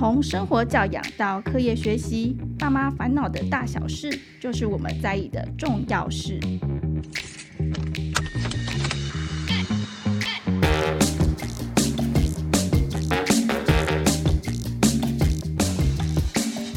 從生活教養到課業學習，爸媽煩惱的大小事，就是我們在意的重要事。哎哎。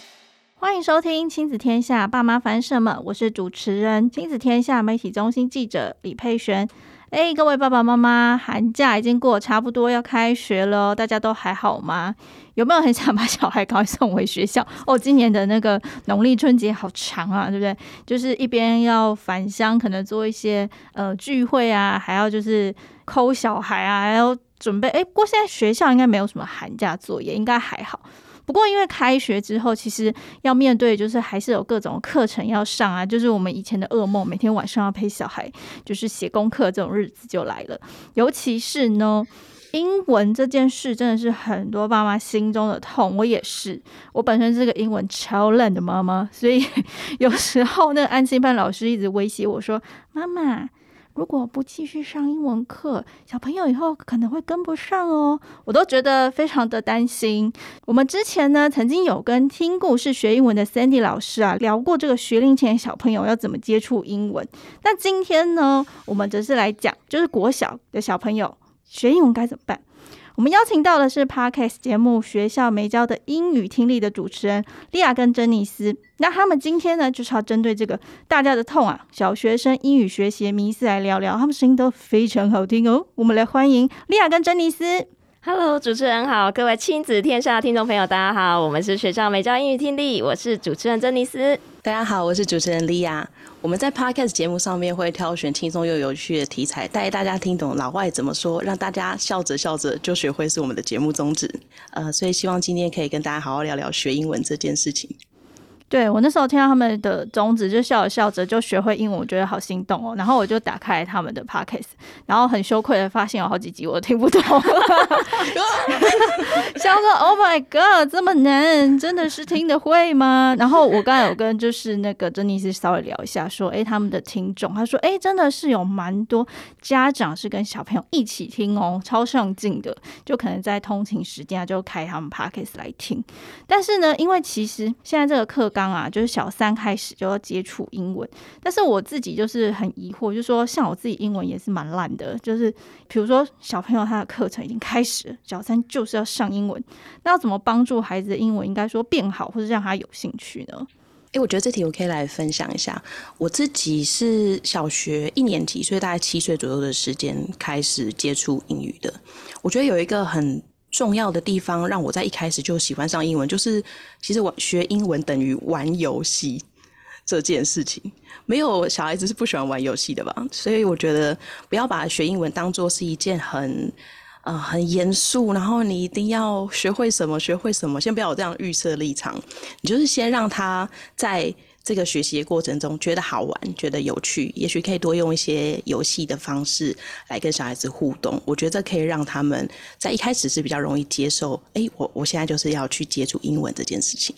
歡迎收聽《親子天下》，爸媽煩什麼？我是主持人，親子天下媒體中心記者李佩璇。哎、欸，各位爸爸媽媽，寒假已經過差不多，要開學了，大家都還好嗎？有沒有很想把小孩趕快送回學校？哦，今年的那個農曆春節好長啊，對不對？就是一邊要返鄉，可能做一些呃聚會啊，還要就是摳小孩啊，還要準備。哎、欸，不過現在學校應該沒有什麼寒假作業，應該還好。不過，因為開學之後，其實要面對就是還是有各種課程要上啊，就是我們以前的噩夢，每天晚上要陪小孩就是寫功課這種日子就來了。尤其是呢，英文這件事真的是很多爸媽心中的痛，我也是。我本身是個英文超爛的媽媽，所以有時候那個安心班老師一直威脅我說：“媽媽。”如果不繼續上英文課，小朋友以後可能會跟不上哦，我都覺得非常的擔心。我們之前呢，曾經有跟聽故事學英文的 Sandy 老師啊聊過這個學齡前小朋友要怎麼接觸英文。那今天呢，我們則是來講，就是國小的小朋友學英文該怎麼辦？我們邀請到的是 Podcast 節目《學校沒教的英語聽力》的主持人莉亞跟珍妮斯。那他們今天呢，就是要針對這個大家的痛啊——小學生英語學習迷思來聊聊。他們聲音都非常好聽哦，我們來歡迎莉亞跟珍妮斯。Hello，主持人好，各位親子天下的聽眾朋友，大家好，我們是學校沒教的英語聽力，我是主持人珍妮斯。大家好，我是主持人莉亞。我們在 Podcast 節目上面會挑選輕鬆又有趣的題材，帶大家聽懂老外怎麼說，讓大家笑着笑着就學會，是我們的節目宗旨。呃，所以希望今天可以跟大家好好聊聊學英文這件事情。對，我那時候聽到他們的宗旨，就笑着笑着就學會英文，我覺得好心動哦。然後我就打開他們的 podcast，然後很羞愧的發現有好幾集我都聽不懂。想說 ：“Oh my god，這麼難，真的是聽得會嗎？” 然後我剛才有跟就是那個珍妮斯稍微聊一下，說：“哎，他們的聽眾，他說：哎，真的是有蠻多家長是跟小朋友一起聽哦，超上進的，就可能在通勤時間、啊、就開他們 podcast 來聽。但是呢，因為其實現在這個課綱。”啊，就是小三開始就要接觸英文，但是我自己就是很疑惑，就說像我自己英文也是蠻爛的，就是比如說小朋友他的課程已經開始了，小三就是要上英文，那要怎麼幫助孩子的英文應該說變好，或是讓他有興趣呢？誒、欸，我覺得這題我可以來分享一下，我自己是小學一年級，所以大概七歲左右的時間開始接觸英語的，我覺得有一個很。重要的地方讓我在一開始就喜歡上英文，就是其實我學英文等於玩遊戲這件事情，沒有小孩子是不喜歡玩遊戲的吧？所以我覺得不要把學英文當作是一件很呃、很嚴肅，然後你一定要學會什麼學會什麼。先不要有這樣預設立場，你就是先讓他在。這個學習的過程中覺得好玩，覺得有趣，也許可以多用一些遊戲的方式來跟小孩子互動。我覺得這可以讓他們在一開始是比較容易接受。哎、欸，我我現在就是要去接觸英文這件事情。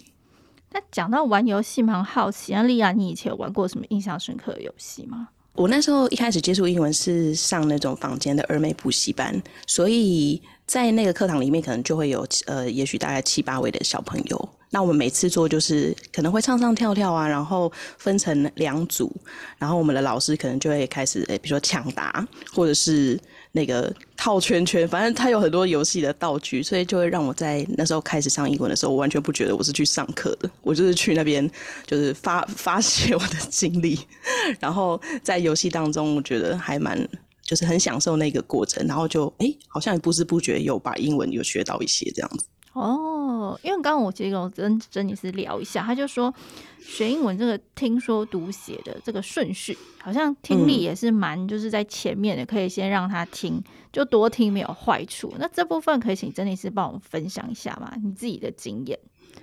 那講到玩遊戲，蠻好奇，那 Leah，你以前有玩過什麼印象深刻的遊戲嗎？我那時候一開始接觸英文是上那種坊間的兒美補習班，所以在那個課堂裡面可能就會有呃，也許大概七八位的小朋友。那我們每次做就是可能會唱唱跳跳啊，然後分成兩組，然後我們的老師可能就會開始，哎、欸，比如說搶答，或者是那個套圈圈，反正他有很多遊戲的道具，所以就會讓我在那時候開始上英文的時候，我完全不覺得我是去上課的，我就是去那邊就是發發洩我的精力，然後在遊戲當中，我覺得還蠻就是很享受那個過程，然後就哎、欸，好像也不知不覺有把英文有學到一些這樣子。哦，因為剛剛我其實跟珍妮斯聊一下，她就說學英文這個聽說讀寫的這個順序，好像聽力也是蠻就是在前面的，嗯、可以先讓他聽，就多聽沒有壞處。那這部分可以請珍妮斯幫我們分享一下嗎？你自己的經驗。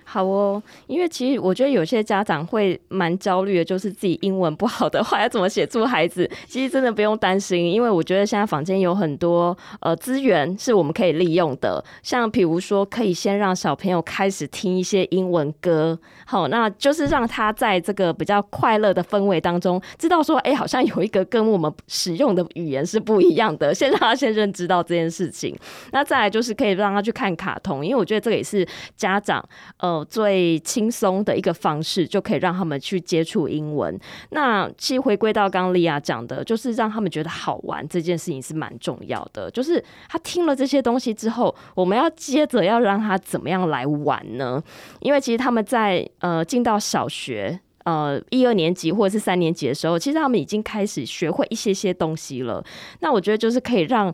好哦，因為其實我覺得有些家長會蠻焦慮的，就是自己英文不好的話要怎麼寫出孩子。其實真的不用擔心，因為我覺得現在坊間有很多呃資源是我們可以利用的，像比如說可以先讓小朋友開始聽一些英文歌，好，那就是讓他在這個比較快樂的氛圍當中知道說，哎、欸，好像有一個跟我們使用的語言是不一樣的，先讓他先認知到這件事情。那再來就是可以讓他去看卡通，因為我覺得這個也是家長呃。最輕鬆的一個方式，就可以讓他們去接觸英文。那其實回歸到剛 Leah 講的，就是讓他們覺得好玩這件事情是蠻重要的。就是他聽了這些東西之後，我們要接着要讓他怎麼樣來玩呢？因為其實他們在呃進到小學呃一二年級或者是三年級的時候，其實他們已經開始學會一些些東西了。那我覺得就是可以讓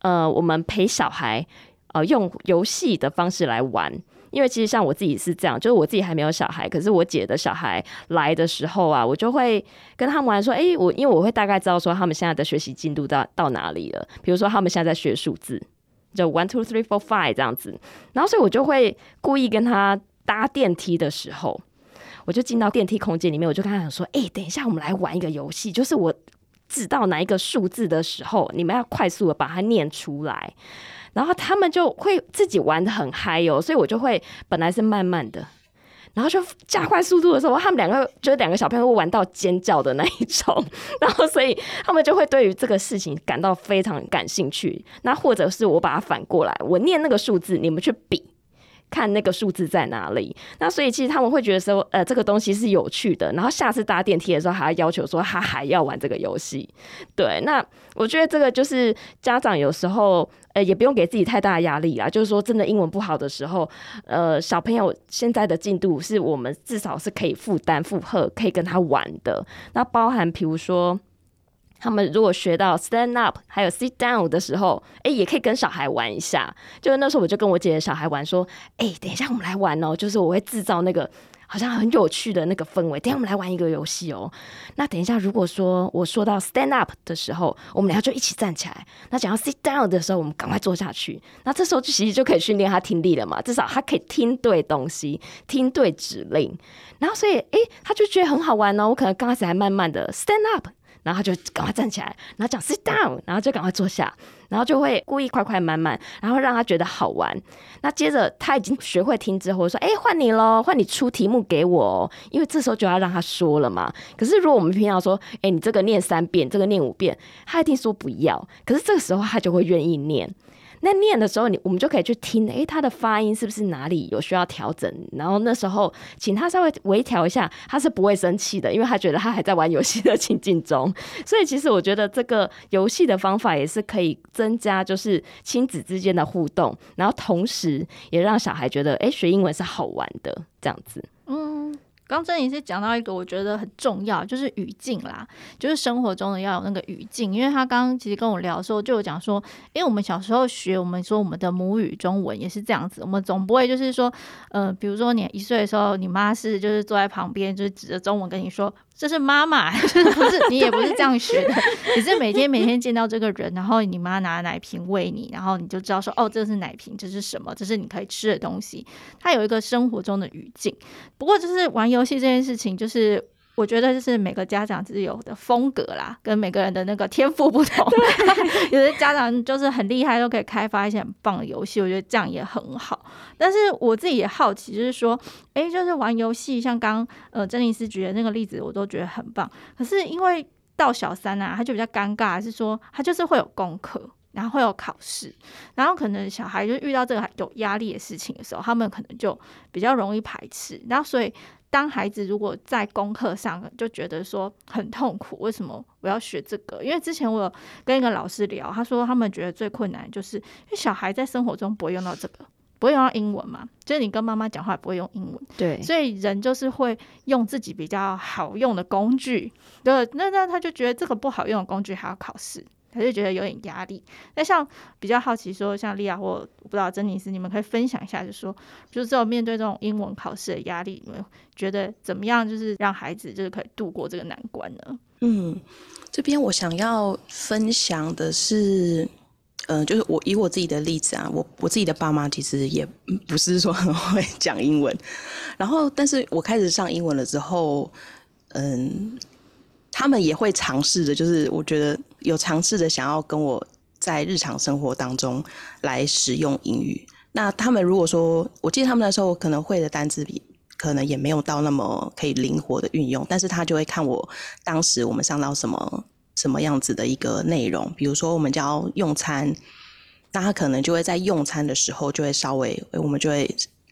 呃我們陪小孩呃用遊戲的方式來玩。因為其實像我自己是這樣，就是我自己還沒有小孩，可是我姐的小孩來的時候啊，我就會跟他們玩說：“哎，我因為我會大概知道說他們現在的學習進度到到哪裡了，比如說他們現在在學數字，就 one two three four five 這樣子，然後所以我就會故意跟他搭電梯的時候，我就進到電梯空間裡面，我就跟他講說：哎，等一下我們來玩一個遊戲，就是我指到哪一個數字的時候，你們要快速的把它念出來。”然後他們就會自己玩得很嗨哦所以我就會本來是慢慢的，然後就加快速度的時候，他們兩個就兩個小朋友會玩到尖叫的那一種，然後所以他們就會對於這個事情感到非常感興趣。那或者是我把它反過來，我念那個數字，你們去比。看那個數字在哪裡，那所以其實他們會覺得說，呃，這個東西是有趣的，然後下次搭電梯的時候，還要要求說他還要玩這個遊戲。對，那我覺得這個就是家長有時候呃也不用給自己太大的壓力啦，就是說真的英文不好的時候，呃，小朋友現在的進度是我們至少是可以負擔負荷，可以跟他玩的。那包含比如說。他們如果學到 stand up，還有 sit down 的時候，誒也可以跟小孩玩一下。就是那時候，我就跟我姐姐小孩玩，說：“哎，等一下，我們來玩哦。”就是我會制造那個好像很有趣的那個氛圍。等一下，我們來玩一個遊戲哦。那等一下，如果說我說到 stand up 的時候，我們兩個就一起站起來；那想要 sit down 的時候，我們趕快坐下去。那這時候就其實就可以訓練他聽力了嘛，至少他可以聽對東西，聽對指令。然後所以，哎，他就覺得很好玩哦。我可能剛開始還慢慢的 stand up。然後他就趕快站起來，然後講 sit down，然後就趕快坐下，然後就會故意快快慢慢，然後讓他覺得好玩。那接着他已經學會聽之後說，說哎，換你咯，換你出題目給我哦，因為這時候就要讓他說了嘛。可是如果我們平常說哎，你這個念三遍，這個念五遍，他一定說不要。可是這個時候他就會願意念。那念的時候，你我們就可以去聽，哎，他的發音是不是哪裡有需要調整？然後那時候請他稍微微調一下，他是不會生氣的，因為他覺得他還在玩遊戲的情境中。所以其實我覺得這個遊戲的方法也是可以增加就是親子之間的互動，然後同時也讓小孩覺得，哎，學英文是好玩的這樣子。剛 Janice 講到一個我覺得很重要，就是語境啦，就是生活中的要有那個語境。因為他剛剛其實跟我聊的時候，就有講說，因、欸、為我們小時候學，我們說我們的母語中文也是這樣子，我們總不會就是說，呃，比如說你一歲的時候，你媽是就是坐在旁邊，就是指着中文跟你說。這是媽媽，就是、不是你也不是這樣學的，你 對 是每天每天見到這個人，然後你媽拿奶瓶喂你，然後你就知道說哦，這是奶瓶，這是什麼，這是你可以吃的東西。它有一個生活中的語境，不過就是玩遊戲這件事情，就是。我覺得就是每個家長自己有的風格啦，跟每個人的那個天賦不同。 對 有些家長就是很厲害，都可以開發一些很棒的遊戲。我覺得這樣也很好。但是我自己也好奇，就是說，哎，就是玩遊戲，像剛剛，呃，珍妮斯舉的那個例子，我都覺得很棒。可是因為到小三啊，他就比較尷尬，是說他就是會有功課，然後會有考試，然後可能小孩就遇到這個有壓力的事情的時候，他們可能就比較容易排斥。然後所以。當孩子如果在功課上就覺得說很痛苦，為什麼我要學這個？因為之前我有跟一個老師聊，他說他們覺得最困難就是因為小孩在生活中不會用到這個，不會用到英文嘛，就是你跟媽媽講話也不會用英文。對，所以人就是會用自己比較好用的工具，對，那那他就覺得這個不好用的工具還要考試。他就覺得有點壓力。那像比較好奇說，說像莉亞或我不知道珍妮斯，你們可以分享一下就是說，就說就是這種面對這種英文考試的壓力，你們覺得怎麼樣？就是讓孩子就是可以度過這個難關呢？嗯，這邊我想要分享的是，嗯、呃，就是我以我自己的例子啊，我我自己的爸媽其實也不是說很會講英文，然後但是我開始上英文了之後，嗯、呃。他們也會嘗試着，就是我覺得有嘗試着想要跟我在日常生活當中來使用英語。那他們如果說，我記得他們那時候可能會的單詞比，可能也沒有到那麼可以靈活的運用，但是他就會看我當時我們上到什麼什麼樣子的一個內容，比如說，我們教用餐，那他可能就會在用餐的時候就會稍微，我們就會。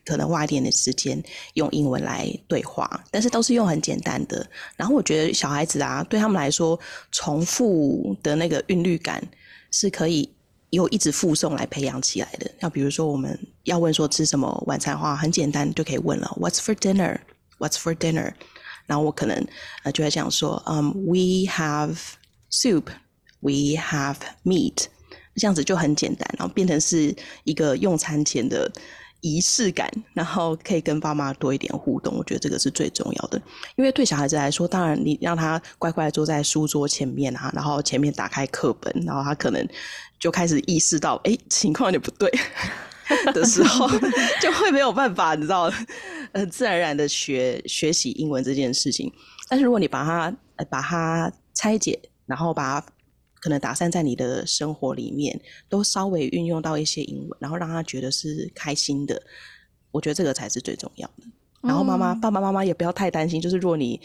可能花一點點時間用英文來對話，但是都是用很簡單的。然後我覺得小孩子啊，對他們來說，重複的那個韻律感是可以由一直複誦來培養起來的。那比如說，我們要問說吃什麼晚餐的話，很簡單就可以問了 “What's for dinner? What's for dinner?” 然後我可能就會這樣說：“ um, We have soup. We have meat。”這樣子就很簡單，然後變成是一個用餐前的。儀式感，然後可以跟爸媽多一點互動，我覺得這個是最重要的。因為對小孩子來說，當然你讓他乖乖坐在書桌前面啊，然後前面打開課本，然後他可能就開始意識到，哎，情況有點不對 的時候，就會沒有辦法，你知道，呃，自然而然的學學習英文這件事情。但是如果你把它把它拆解，然後把他可能打散在你的生活裡面，都稍微運用到一些英文，然後讓他覺得是開心的。我覺得這個才是最重要的。嗯、然後媽媽、爸爸媽，媽媽也不要太擔心，就是若你，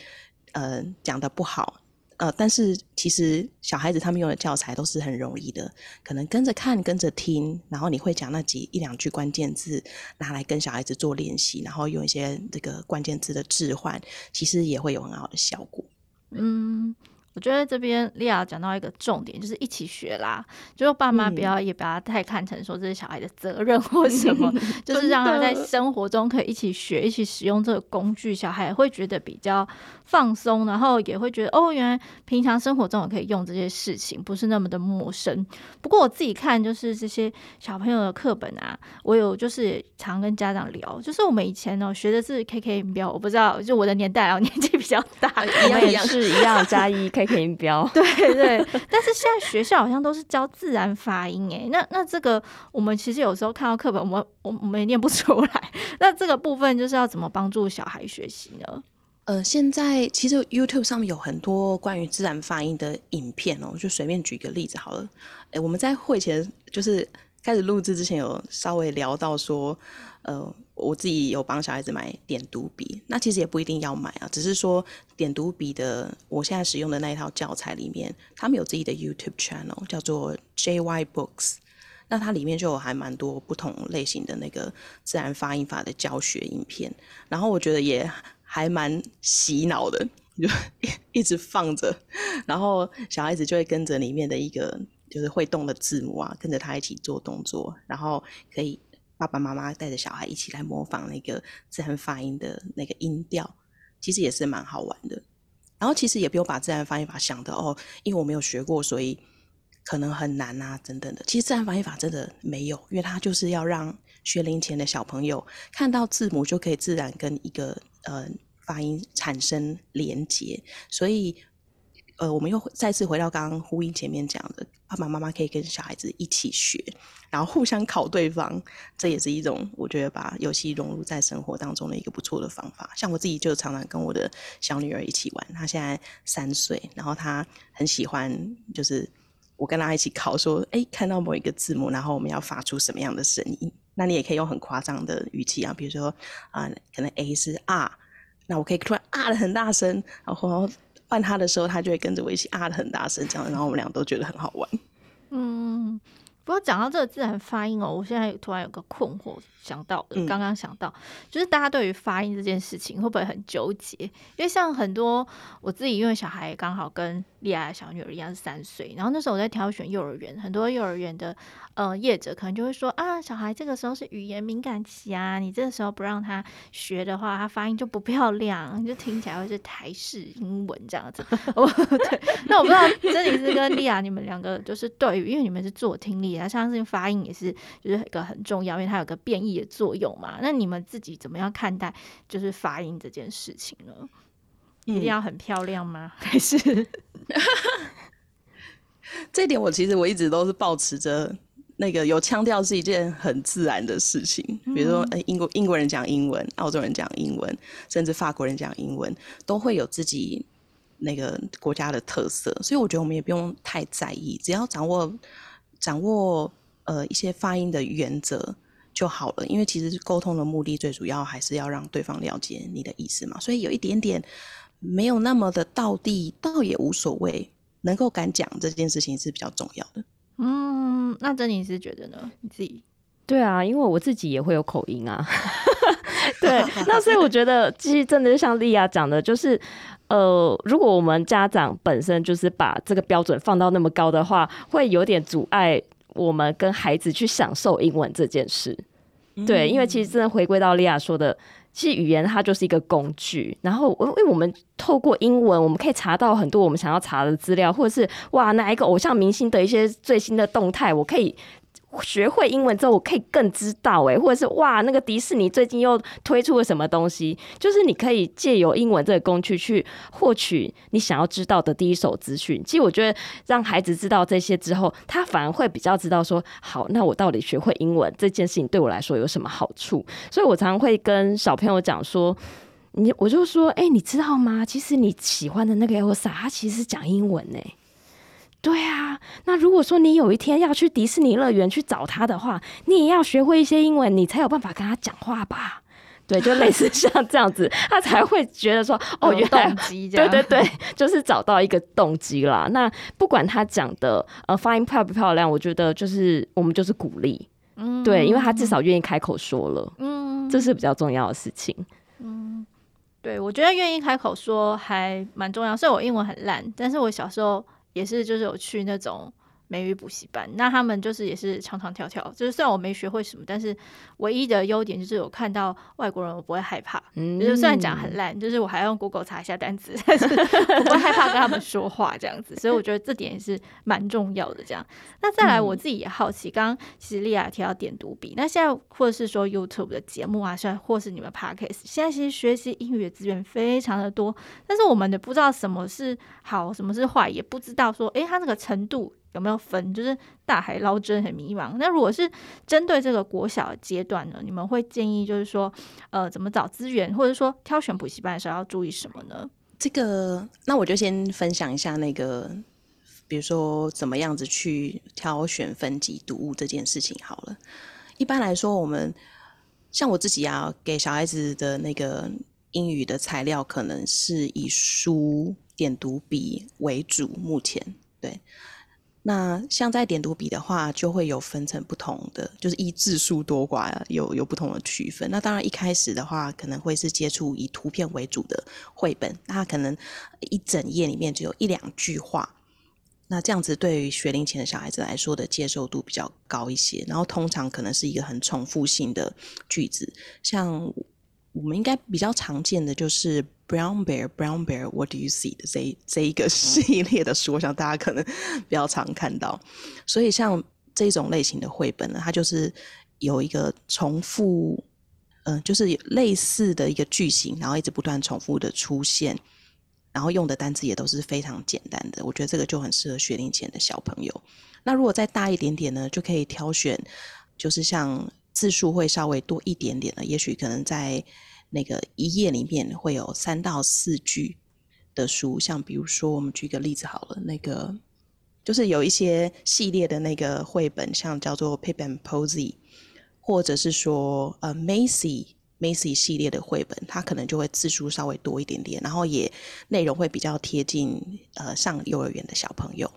呃，講得不好，呃，但是其實小孩子他們用的教材都是很容易的，可能跟着看、跟着聽，然後你會講那幾一兩句關鍵字，拿來跟小孩子做練習，然後用一些這個關鍵字的置換，其實也會有很好的效果。嗯。我覺得這邊 Leah 講到一個重點，就是一起學啦，就爸媽不要、嗯、也不要太看成說這是小孩的責任或什麼，嗯、就是讓他們在生活中可以一起學、一起使用這個工具，小孩會覺得比較放鬆，然後也會覺得哦，原來平常生活中我可以用這些事情，不是那麼的陌生。不過我自己看，就是這些小朋友的課本啊，我有就是常跟家長聊，就是我們以前呢、哦、學的是 KK 音標，我不知道，就我的年代啊，年紀比較大，一也是一樣 加一 K。可以標，對對， 但是現在學校好像都是教自然發音欸，那那這個我們其實有時候看到課本，我們我們也念不出來。那這個部分就是要怎麼幫助小孩學習呢？呃，現在其實 YouTube 上面有很多關於自然發音的影片哦、喔，就隨便舉個例子好了。欸，我們在會前就是開始錄制之前有稍微聊到說，呃。我自己有幫小孩子買點讀筆，那其實也不一定要買啊，只是說點讀筆的，我現在使用的那一套教材裡面，他們有自己的 YouTube channel，叫做 JY Books，那它裡面就有還蠻多不同類型的那個自然發音法的教學影片，然後我覺得也還蠻洗腦的，就一直放着，然後小孩子就會跟着裡面的一個就是會動的字母啊，跟着他一起做動作，然後可以。爸爸媽媽帶着小孩一起來模仿那個自然發音的那個音調，其實也是蠻好玩的。然後其實也不用把自然發音法想得哦，因為我沒有學過，所以可能很難啊，等等的。其實自然發音法真的沒有，因為它就是要讓學齡前的小朋友看到字母就可以自然跟一個呃發音產生連結，所以。呃，我們又再次回到剛剛呼應前面講的，爸爸媽媽可以跟小孩子一起學，然後互相考對方，這也是一種我覺得把遊戲融入在生活當中的一個不錯的方法。像我自己就常常跟我的小女兒一起玩，她現在三歲，然後她很喜歡，就是我跟她一起考，說，哎，看到某一個字母，然後我們要發出什麼樣的聲音？那你也可以用很誇張的語氣啊，比如說啊，呃，可能 A 是啊，那我可以突然啊的很大聲，然後。換他的時候，他就會跟着我一起啊，很大聲這樣，然後我們倆都覺得很好玩。嗯，不過講到這個自然發音哦，我現在突然有個困惑，想到剛剛想到，嗯，就是大家對於發音這件事情會不會很糾結？因為像很多我自己因為小孩剛好跟。莉亞小女兒一樣是三歲，然後那時候我在挑選幼兒園，很多幼兒園的呃業者可能就會說啊，小孩這個時候是語言敏感期啊，你這個時候不讓他學的話，他發音就不漂亮，就聽起來會是台式英文這樣子。對， 那我不知道 Janice 跟莉亞你們兩個就是對，因為你們是做聽力，啊，相信發音也是就是一個很重要，因為它有個變異的作用嘛。那你們自己怎麼樣看待就是發音這件事情呢？一定要很漂亮嗎？嗯、還是？ 這點我其實我一直都是抱持著那個有腔調是一件很自然的事情。比如說，英國英國人講英文，澳洲人講英文，甚至法國人講英文，都會有自己那個國家的特色。所以我覺得我們也不用太在意，只要掌握掌握呃一些發音的原則就好了。因為其實溝通的目的最主要還是要讓對方了解你的意思嘛。所以有一點點。沒有那麼的道地，倒也無所謂。能夠敢講這件事情是比較重要的。嗯，那 Janice 是覺得呢？你自己？對啊，因為我自己也會有口音啊。 對， 那所以我覺得其實真的就像 Leah 講的，就是呃，如果我們家長本身就是把這個標準放到那麼高的話，會有點阻礙我們跟孩子去享受英文這件事。嗯、對，因為其實真的回歸到 Leah 說的。其實語言它就是一個工具，然後我因為我們透過英文，我們可以查到很多我們想要查的資料，或者是哇，哪一個偶像明星的一些最新的動態，我可以。學會英文之後，我可以更知道誒、欸，或者是哇，那個迪士尼最近又推出了什麼東西？就是你可以借由英文這個工具去獲取你想要知道的第一手資訊。其實我覺得，讓孩子知道這些之後，他反而會比較知道說，好，那我到底學會英文這件事情對我來說有什麼好處？所以我常常會跟小朋友講說，你我就說，哎、欸，你知道嗎？其實你喜歡的那個艾莎，她其實講英文呢、欸。對啊，那如果說你有一天要去迪士尼樂園去找他的話，你也要學會一些英文，你才有辦法跟他講話吧？對，就類似像這樣子， 他才會覺得說哦，原來動機這樣。對對對，就是找到一個動機啦。 那不管他講的呃發音漂不漂亮，我覺得就是我們就是鼓勵，嗯、對，因為他至少願意開口說了，嗯，這是比較重要的事情。嗯，對，我覺得願意開口說還蠻重要。所以我英文很爛，但是我小時候。也是，就是有去那種美語補習班，那他們就是也是唱唱跳跳，就是雖然我沒學會什麼，但是唯一的優點就是我看到外國人我不會害怕，嗯、就是雖然講很爛，就是我還要用 Google 查一下單詞，但是我不會害怕跟他們說話這樣子， 所以我覺得這點也是蠻重要的。這樣，那再來我自己也好奇，剛剛其實莉亞提到點讀筆，嗯、那現在或者是說 YouTube 的節目啊，像或者是你們 Podcast，現在其實學習英語的資源非常的多，但是我們也不知道什麼是好，什麼是壞，也不知道說，哎、欸，它那個程度。有沒有分？就是大海撈針，很迷茫。那如果是針對這個國小階段呢，你們會建議就是說，呃，怎麼找資源，或者說挑選補習班的時候要注意什麼呢？這個，那我就先分享一下那個，比如說怎麼樣子去挑選分級讀物這件事情好了。一般來說，我們像我自己啊，給小孩子的那個英語的材料，可能是以書、點讀筆為主。目前，對。那像在點讀筆的話，就會有分成不同的，就是以字數多寡有有不同的區分。那當然一開始的話，可能會是接觸以圖片為主的繪本，那可能一整頁裡面只有一兩句話，那這樣子對於學齡前的小孩子來說的接受度比較高一些。然後通常可能是一個很重複性的句子，像我們應該比較常見的就是。Brown Bear, Brown Bear, What Do You See? 的這這一個系列的書，我想大家可能比較常看到。所以像這種類型的繪本呢，它就是有一個重複，嗯、呃，就是類似的一個句型，然後一直不斷重複的出現，然後用的單詞也都是非常簡單的。我覺得這個就很適合學齡前的小朋友。那如果再大一點點呢，就可以挑選，就是像字數會稍微多一點點的，也許可能在。那個一頁裡面會有三到四句的書，像比如說，我們舉個例子好了，那個就是有一些系列的那個繪本，像叫做《Pip and Posy》，或者是說呃《Macy Macy》系列的繪本，它可能就會字數稍微多一點點，然後也內容會比較貼近呃上幼兒園的小朋友。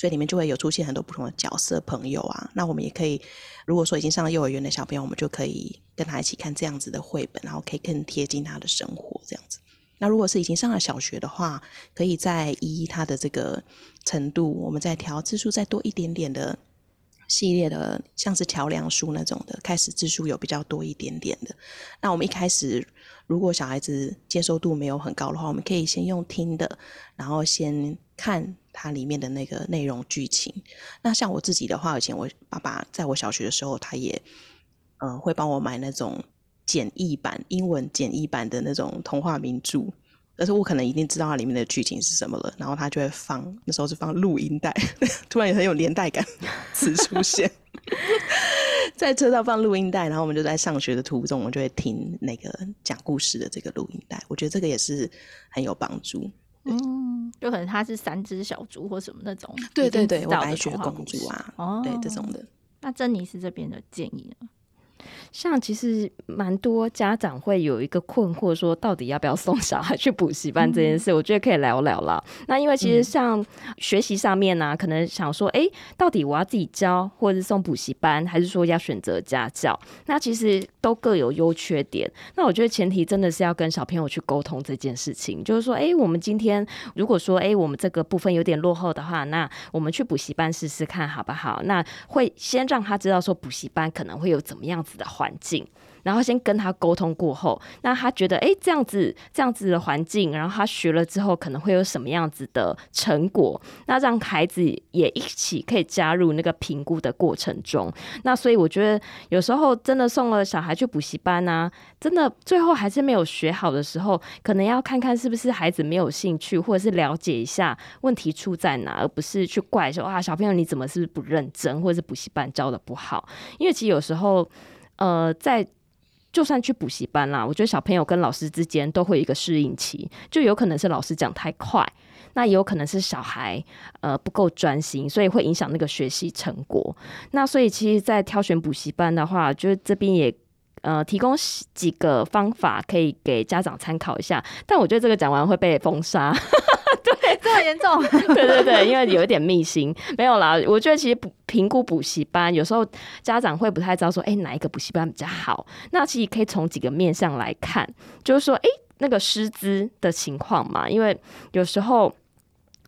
所以裡面就會有出現很多不同的角色朋友啊，那我們也可以，如果說已經上了幼兒園的小朋友，我們就可以跟他一起看這樣子的繪本，然後可以更貼近他的生活這樣子。那如果是已經上了小學的話，可以再依他的這個程度，我們再調字數再多一點點的系列的，像是橋梁書那種的，開始字數有比較多一點點的。那我們一開始。如果小孩子接受度沒有很高的話，我們可以先用聽的，然後先看它裡面的那個內容劇情。那像我自己的話，以前我爸爸在我小學的時候，他也嗯、呃、會幫我買那種簡易版英文簡易版的那種童話名著，但是我可能已經知道它裡面的劇情是什麼了，然後他就會放，那時候是放錄音帶，突然也很有年代感，詞出現。 在車上放錄音帶，然後我們就在上學的途中，我們就會聽那個講故事的這個錄音帶。我覺得這個也是很有幫助。嗯，就可能它是三隻小豬或什麼那種，對對對，白雪公，公主啊，哦，對這種的。那珍妮斯這邊的建議呢？像其實蠻多家長會有一個困惑，說到底要不要送小孩去補習班這件事，我覺得可以聊聊了。嗯嗯、那因為其實像學習上面呢、啊，可能想說，哎、欸，到底我要自己教，或者是送補習班，還是說要選擇家教？那其實都各有優缺點。那我覺得前提真的是要跟小朋友去溝通這件事情，就是說，哎、欸，我們今天如果說，哎、欸，我們這個部分有點落後的話，那我們去補習班試試看好不好？那會先讓他知道說補習班可能會有怎麼樣的環境，然後先跟他溝通過後，那他覺得誒，這樣子這樣子的環境，然後他學了之後可能會有什麼樣子的成果？那讓孩子也一起可以加入那個評估的過程中。那所以我覺得有時候真的送了小孩去補習班啊，真的最後還是沒有學好的時候，可能要看看是不是孩子沒有興趣，或者是了解一下問題出在哪，而不是去怪說啊，小朋友你怎麼是不是不認真，或者是補習班教得不好？因為其實有時候。呃，在就算去補習班啦，我覺得小朋友跟老師之間都會有一個適應期，就有可能是老師講太快，那也有可能是小孩呃不夠專心，所以會影響那個學習成果。那所以其實，在挑選補習班的話，就是這邊也呃提供幾個方法可以給家長參考一下。但我覺得這個講完會被封殺。 太嚴 嚴重， 對對對，因為有一點秘辛。沒有啦。我覺得其實評估補習班，有時候家長會不太知道說，哎、欸，哪一個補習班比較好？那其實可以從幾個面向來看，就是說，哎、欸，那個師資的情況嘛，因為有時候。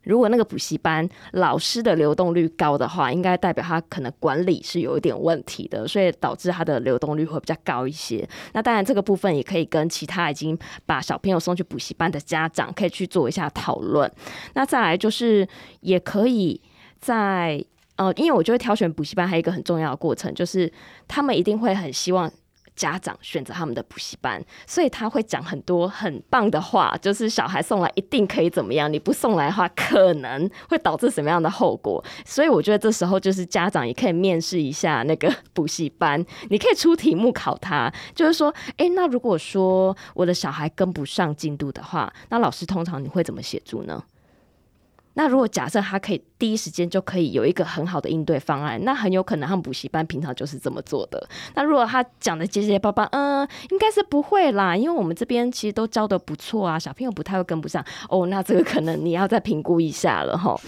如果那個補習班老師的流動率高的話，應該代表他可能管理是有一點問題的，所以導致他的流動率會比較高一些。那當然這個部分也可以跟其他已經把小朋友送去補習班的家長可以去做一下討論。那再來就是也可以在呃，因為我覺得挑選補習班還有一個很重要的過程，就是他們一定會很希望。家長選擇他們的補習班，所以他會講很多很棒的話，就是小孩送來一定可以怎麼樣，你不送來的話可能會導致什麼樣的後果。所以我覺得這時候就是家長也可以面試一下那個補習班，你可以出題目考他，就是說，誒，那如果說我的小孩跟不上進度的話，那老師通常你會怎麼協助呢？那如果假設他可以第一時間就可以有一個很好的應對方案，那很有可能他們補習班平常就是這麼做的。那如果他講的結結巴巴，嗯，應該是不會啦，因為我們這邊其實都教得不錯啊，小朋友不太會跟不上。哦，那這個可能你要再評估一下了哈。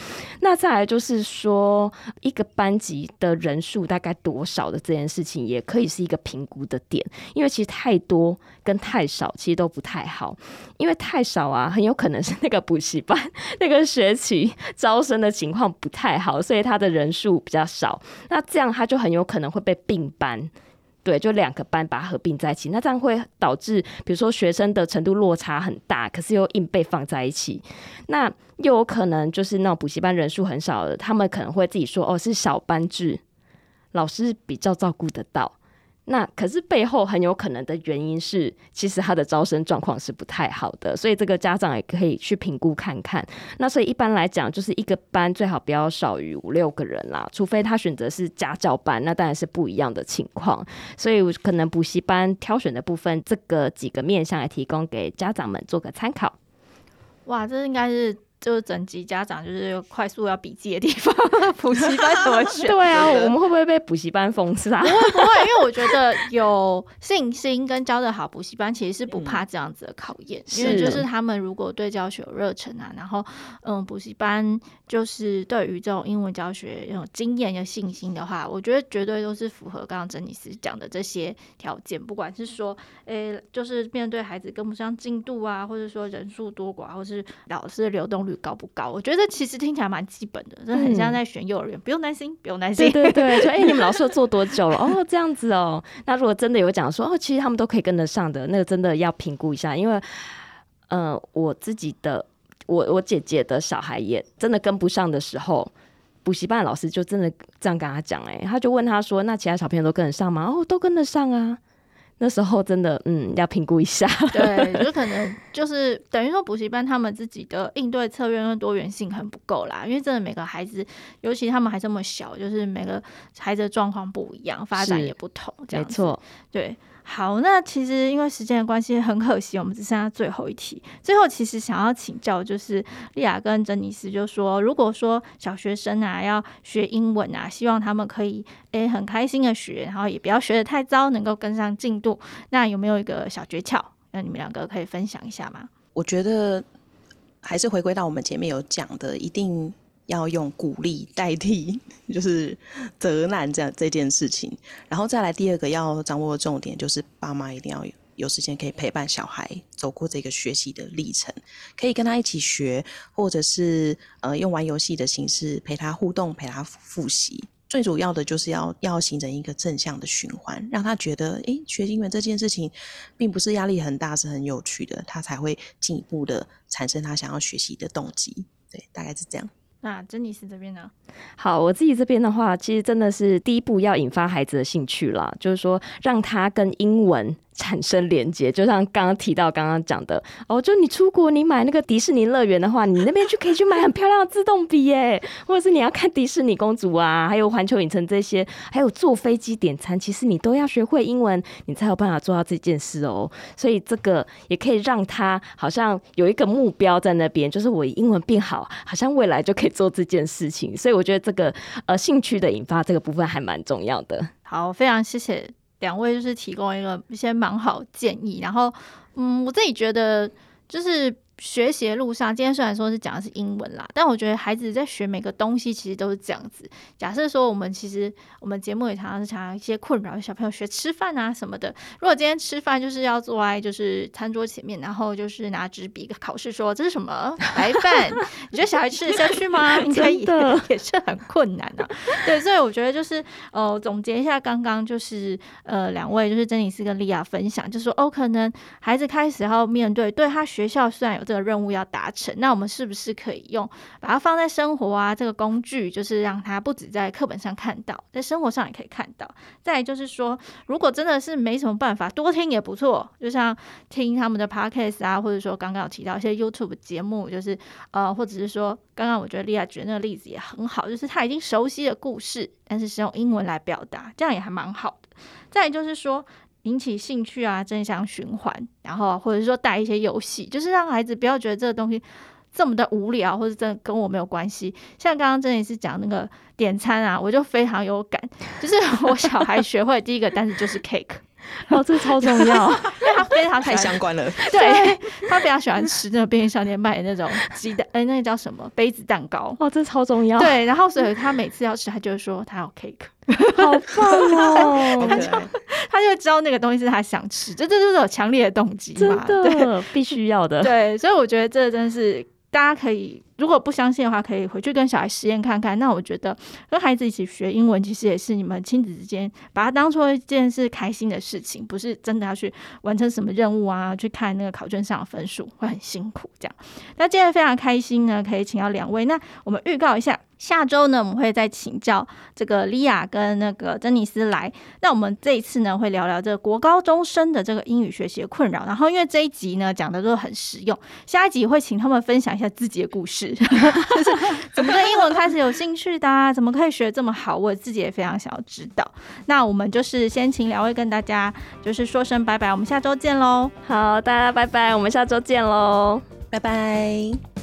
那再來就是說，一個班級的人數大概多少的這件事情，也可以是一個評估的點，因為其實太多跟太少其實都不太好，因為太少啊，很有可能是那個補習班那個學期，招生的情況不太好，所以他的人數比較少。那這樣他就很有可能會被併班，對，就兩個班把它合併在一起。那這樣會導致，比如說學生的程度落差很大，可是又硬被放在一起，那又有可能就是那種補習班人數很少的，他們可能會自己說哦，是小班制，老師比較照顧得到。那可是背後很有可能的原因是，其實他的招生狀況是不太好的，所以這個家長也可以去評估看看。那所以一般來講，就是一個班最好不要少於五六個人啦，除非他選擇是家教班，那當然是不一樣的情況。所以可能補習班挑選的部分，這個幾個面向來提供給家長們做個參考。哇，這應該是。就是整集家長就是快速要筆記的地方，補習班怎麼選？ 對啊，我們會不會被補習班封殺？ 不會不會，因為我覺得有信心跟教的好，補習班其實是不怕這樣子的考驗，嗯、因為就是他們如果對教學有熱忱啊，然後嗯，補習班就是對於這種英文教學有經驗有信心的話，我覺得絕對都是符合剛剛珍妮斯講的這些條件。不管是說哎、欸，就是面對孩子跟不上進度啊，或者說人數多寡，或是老師的流動。率高不高？我覺得其實聽起來蠻基本的，就很像在選幼兒園，嗯、不用擔心，不用擔心。對對對，就哎、欸，你們老師有做多久了？ 哦，這樣子哦。那如果真的有講說哦，其實他們都可以跟得上的，那個真的要評估一下，因為，嗯、呃，我自己的，我我姐姐的小孩也真的跟不上的時候，補習班老師就真的這樣跟他講，誒，他就問他說，那其他小朋友都跟得上嗎？哦，都跟得上啊。那時候真的，嗯，要評估一下。 對，就可能就是等於說補習班他們自己的應對策略跟多元性很不夠啦，因為真的每個孩子，尤其他們還這麼小，就是每個孩子的狀況不一樣，發展也不同，這樣子。沒錯，對。好，那其實因為時間的關係，很可惜我們只剩下最後一題。最後其實想要請教，就是莉亞跟珍妮斯，就說如果說小學生啊要學英文啊，希望他們可以誒、欸、很開心的學，然後也不要學得太糟，能夠跟上進度。那有沒有一個小訣竅？那你們兩個可以分享一下嗎？我覺得還是回歸到我們前面有講的，一定，要用鼓勵代替，就是責難這樣這件事情。然後再來第二個要掌握的重點，就是爸媽一定要有，有時間可以陪伴小孩走過這個學習的歷程，可以跟他一起學，或者是呃用玩遊戲的形式陪他互動、陪他複習。最主要的就是要要形成一個正向的循環，讓他覺得，誒，學英文這件事情並不是壓力很大，是很有趣的，他才會進一步的產生他想要學習的動機。對，大概是這樣。那珍妮斯這邊呢、啊？好，我自己這邊的話，其實真的是第一步要引發孩子的興趣了，就是說讓他跟英文，產生連接，就像剛剛提到剛剛，剛剛講的哦，就你出國，你買那個迪士尼樂園的話，你那邊就可以去買很漂亮的自動筆耶， 或者是你要看迪士尼公主啊，還有環球影城這些，還有坐飛機點餐，其實你都要學會英文，你才有辦法做到這件事哦、喔。所以這個也可以讓他好像有一個目標在那邊，就是我以英文變好，好像未來就可以做這件事情。所以我覺得這個呃興趣的引發這個部分還蠻重要的。好，非常謝謝。兩位就是提供一個一些蠻好建議，然後，嗯，我自己覺得就是，學習的路上，今天雖然說是講的是英文啦，但我覺得孩子在學每個東西其實都是這樣子。假設說我們其實我們節目也常常,是常常一些困擾，小朋友學吃飯啊什麼的。如果今天吃飯就是要坐在就是餐桌前面，然後就是拿紙筆考試，說這是什麼白飯？ 你覺得小孩吃得下去嗎？ 應該也,也是很困難的、啊。對，所以我覺得就是哦、呃，總結一下剛剛就是呃，兩位就是珍妮斯跟莉亞分享，就是、說哦，可能孩子開始要面對對他學校雖然有。這個任務要達成，那我們是不是可以用把它放在生活啊，這個工具就是讓它不止在課本上看到，在生活上也可以看到。再來就是說，如果真的是沒什麼辦法，多聽也不錯。就像聽他們的 podcast 啊，或者說剛剛有提到一些 YouTube 節目，就是呃，或者是說剛剛我覺得 Leah 舉的那個例子也很好，就是他已經熟悉了故事，但是是用英文來表達，這樣也還蠻好的。再來就是說，引起興趣啊，正向循環，然後或者說帶一些遊戲，就是讓孩子不要覺得這個東西這麼的無聊，或者真的跟我沒有關係。像剛剛真的是講那個點餐啊，我就非常有感，就是我小孩學會第一個單詞就是 cake，然後、 哦、這個超重要。 因為他非常太相關了，對 他比較喜歡吃那個便利商店賣的那種雞蛋，哎， 那個叫什麼杯子蛋糕？哇、哦，這超重要。對，然後所以他每次要吃，他就會說他要 cake， 好棒哦！ 他他就，對他就知道那個東西是他想吃，就這這這是有強烈的動機嘛。真的對必須要的。對，所以我覺得這真是。大家可以如果不相信的話，可以回去跟小孩實驗看看。那我覺得跟孩子一起學英文，其實也是你們親子之間，把它當做一件是開心的事情，不是真的要去完成什麼任務啊，去看那個考卷上的分數會很辛苦。這樣，那今天非常開心呢，可以請到兩位。那我們預告一下。下週呢，我們會再請教這個 Leah 跟那個 Janice 來。那我們這一次呢，會聊聊這個國高中生的這個英語學習的困擾。然後，因為這一集呢，講的都很實用，下一集會請他們分享一下自己的故事， 就是怎麼對英文開始有興趣的啊，怎麼可以學這麼好，我自己也非常想要知道。那我們就是先請兩位跟大家就是說聲拜拜，我們下週見嘍。好，大家拜拜，我們下週見嘍，拜拜。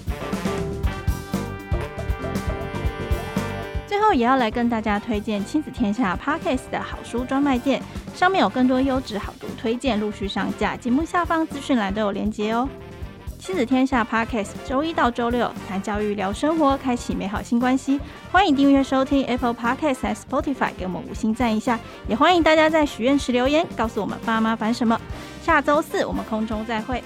也要來跟大家推薦《親子天下》Podcast 的好書專賣店，上面有更多優質好讀推薦陸續上架，節目下方資訊欄都有連接哦。《親子天下》Podcast 週一到週六談教育、聊生活，開啟美好新關係。歡迎訂閱收聽 Apple Podcasts 和 Spotify，給我們五星讚一下。也歡迎大家在許願池留言，告訴我們爸媽煩什麼。下週四我們空中再會。